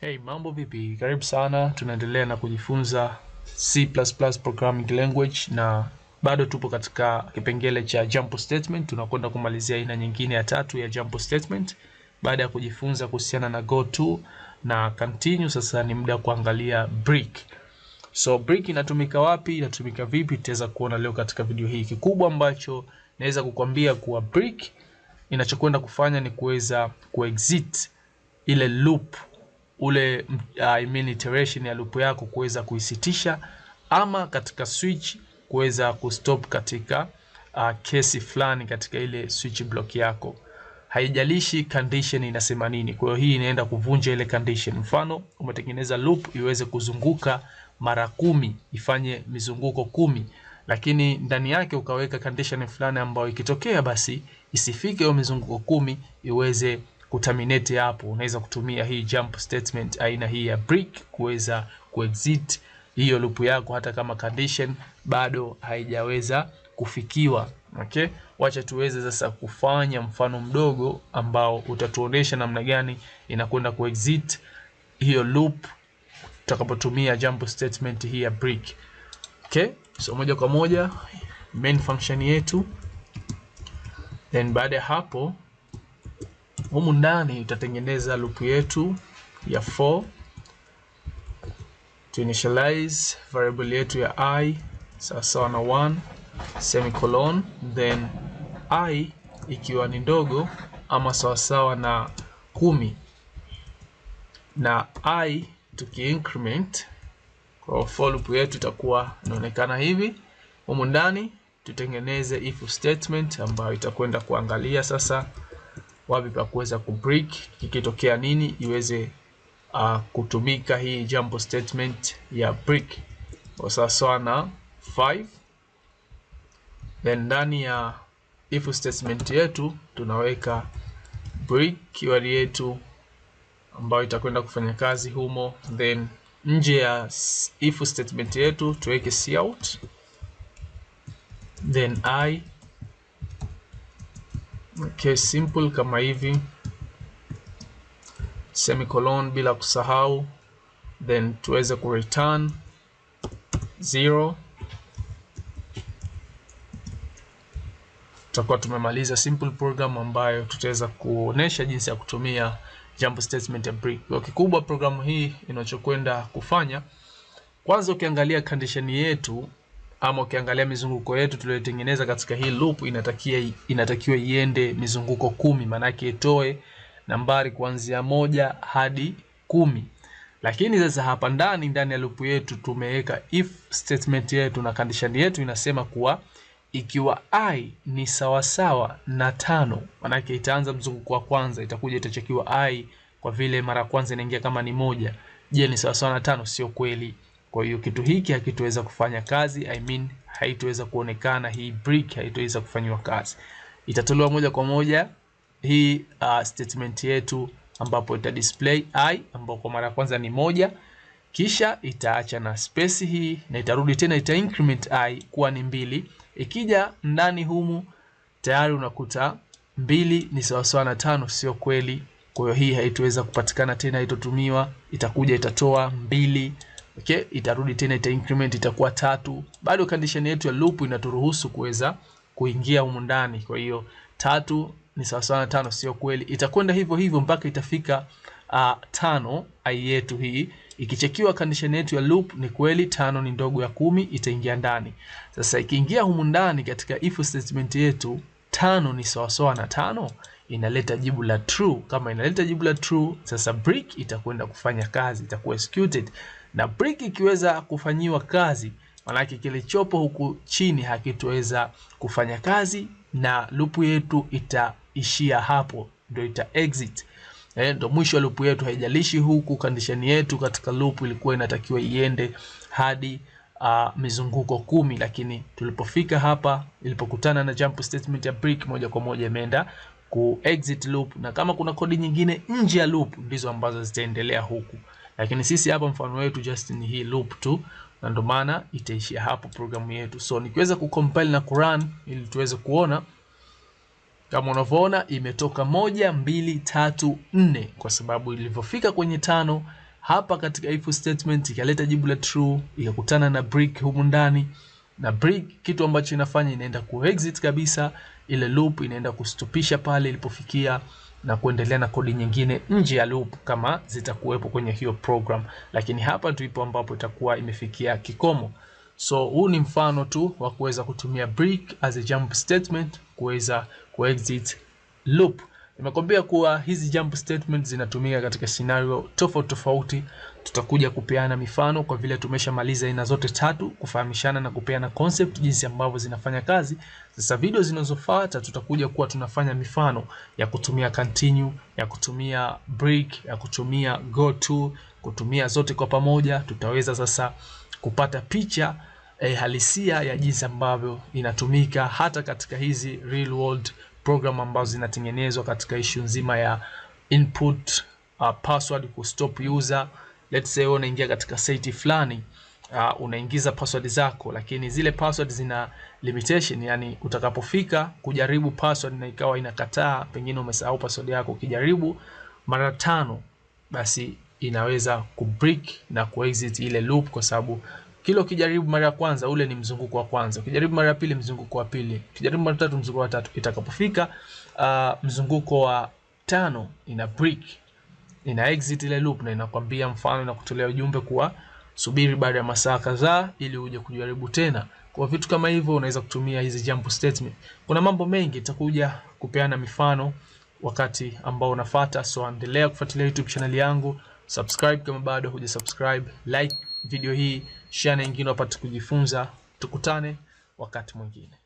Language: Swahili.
Hey, mambo vipi? Karibu sana. Tunaendelea na kujifunza C++ programming language na bado tupo katika kipengele cha jump statement. Tunakwenda kumalizia aina nyingine ya tatu ya jump statement baada ya kujifunza kuhusiana na go to na continue. Sasa ni muda kuangalia break. So break inatumika wapi? Inatumika vipi? Tutaweza kuona leo katika video hii. Kikubwa ambacho naweza kukwambia kuwa break inachokwenda kufanya ni kuweza kuexit ile loop ule uh, I mean iteration ya loop yako kuweza kuisitisha ama katika switch kuweza kustop katika uh, kesi fulani katika ile switch block yako, haijalishi condition inasema nini. Kwa hiyo hii inaenda kuvunja ile condition. Mfano, umetengeneza loop iweze kuzunguka mara kumi, ifanye mizunguko kumi, lakini ndani yake ukaweka condition fulani ambayo ikitokea basi isifike hiyo mizunguko kumi, iweze kuterminate hapo, unaweza kutumia hii jump statement aina hii ya break kuweza kuexit hiyo loop yako, hata kama condition bado haijaweza kufikiwa. Okay, wacha tuweze sasa kufanya mfano mdogo ambao utatuonesha namna gani inakwenda kuexit hiyo loop tutakapotumia jump statement hii ya break. Okay, so moja kwa moja main function yetu, then baada ya hapo humu ndani tutatengeneza loop yetu ya for, to initialize variable yetu ya i sawasawa na 1 semicolon, then i ikiwa ni ndogo ama sawasawa na kumi na i tuki increment kwa for loop yetu itakuwa inaonekana hivi. Humu ndani tutengeneze if statement ambayo itakwenda kuangalia sasa wapi pa kuweza kubreak kikitokea nini iweze uh, kutumika hii jump statement ya break sawasawa na 5 then ndani ya if statement yetu tunaweka break keyword yetu ambayo itakwenda kufanya kazi humo, then nje ya if statement yetu tuweke cout then i Okay, simple kama hivi semicolon bila kusahau, then tuweze return 0 tutakuwa tumemaliza simple program ambayo tutaweza kuonesha jinsi ya kutumia jump statement ya break. Kwa kikubwa programu hii inachokwenda kufanya, kwanza ukiangalia condition yetu ama ukiangalia mizunguko yetu tuliyotengeneza katika hii loop inatakia, inatakiwa iende mizunguko kumi, maanake itoe nambari kuanzia moja hadi kumi. Lakini sasa hapa ndani ndani ya loop yetu tumeweka if statement yetu na condition yetu inasema kuwa ikiwa i ni sawasawa na tano, maanake itaanza mzunguko wa kwanza, itakuja itachekiwa i, kwa vile mara kwanza inaingia kama ni moja. Je, ni sawasawa na tano? Sio kweli. Kwa hiyo kitu hiki hakitoweza kufanya kazi, I mean haitoweza kuonekana, hii brick haitoweza kufanywa kazi, itatolewa moja kwa moja hii uh, statement yetu ambapo ita display i ambapo kwa mara ya kwanza ni moja, kisha itaacha na space hii na itarudi tena ita increment i kuwa ni mbili. Ikija ndani humu tayari unakuta mbili ni sawasawa na tano, sio kweli. Kwa hiyo hii haitoweza kupatikana tena, itotumiwa, itakuja itatoa mbili okay, itarudi tena ita increment itakuwa tatu. Bado condition yetu ya loop inaturuhusu kuweza kuingia humu ndani, kwa hiyo tatu ni sawasawa na tano, sio kweli. Itakwenda hivyo hivyo mpaka itafika uh, tano i yetu hii ikichekiwa condition yetu ya loop ni kweli tano ni ndogo ya kumi itaingia ndani. Sasa ikiingia humu ndani katika if statement yetu tano ni sawasawa na tano inaleta jibu la true. Kama inaleta jibu la true, sasa break itakwenda kufanya kazi, itakuwa executed na brick ikiweza kufanyiwa kazi, manake kilichopo huku chini hakitoweza kufanya kazi na loop yetu itaishia hapo, ndio ita exit. Eh, ndio mwisho wa loop yetu, haijalishi huku condition yetu katika loop ilikuwa inatakiwa iende hadi uh, mizunguko kumi, lakini tulipofika hapa, ilipokutana na jump statement ya brick, moja kwa moja imeenda ku exit loop, na kama kuna kodi nyingine nje ya loop ndizo ambazo zitaendelea huku lakini sisi hapa mfano wetu just ni hii loop tu, na ndo maana itaishia hapo programu yetu. So nikiweza kucompile na kurun ili tuweze kuona kama unavyoona imetoka moja, mbili, tatu, nne kwa sababu ilivyofika kwenye tano hapa katika if statement ikaleta jibu la true, ikakutana na break humu ndani na break kitu ambacho inafanya inaenda ku exit kabisa ile loop, inaenda kustupisha pale ilipofikia na kuendelea na kodi nyingine nje ya loop kama zitakuwepo kwenye hiyo program, lakini hapa tuipo ambapo itakuwa imefikia kikomo. So huu ni mfano tu wa kuweza kutumia break as a jump statement kuweza ku exit loop. Nimekwambia kuwa hizi jump statement zinatumika katika scenario tofauti tofauti. Tutakuja kupeana mifano kwa vile tumeshamaliza aina zote tatu, kufahamishana na kupeana concept jinsi ambavyo zinafanya kazi. Sasa video zinazofuata tutakuja kuwa tunafanya mifano ya kutumia continue, ya kutumia break, ya kutumia go to, kutumia zote kwa pamoja. Tutaweza sasa kupata picha eh, halisia ya jinsi ambavyo inatumika hata katika hizi real world program ambazo zinatengenezwa katika issue nzima ya input uh, password ku stop user. Let's say unaingia katika site fulani uh, unaingiza password zako, lakini zile password zina limitation, yani utakapofika kujaribu password na ikawa inakataa, pengine umesahau password yako, ukijaribu mara tano, basi inaweza kubreak na kuexit ile loop kwa sababu kilo kijaribu mara ya kwanza, ule ni mzunguko wa kwanza. Ukijaribu mara ya pili, mzunguko wa pili. Ukijaribu mara tatu, mzunguko wa tatu. Itakapofika uh, mzunguko wa tano, ina break, ina exit ile loop, na inakwambia mfano, inakutolea ujumbe kuwa subiri baada ya masaa kadhaa ili uje kujaribu tena. Kwa vitu kama hivyo unaweza kutumia hizi jump statement. Kuna mambo mengi nitakuja kupeana mifano wakati ambao unafuata, so endelea kufuatilia YouTube channel yangu subscribe kama bado huja subscribe, like video hii, share na wengine wapate kujifunza. Tukutane wakati mwingine.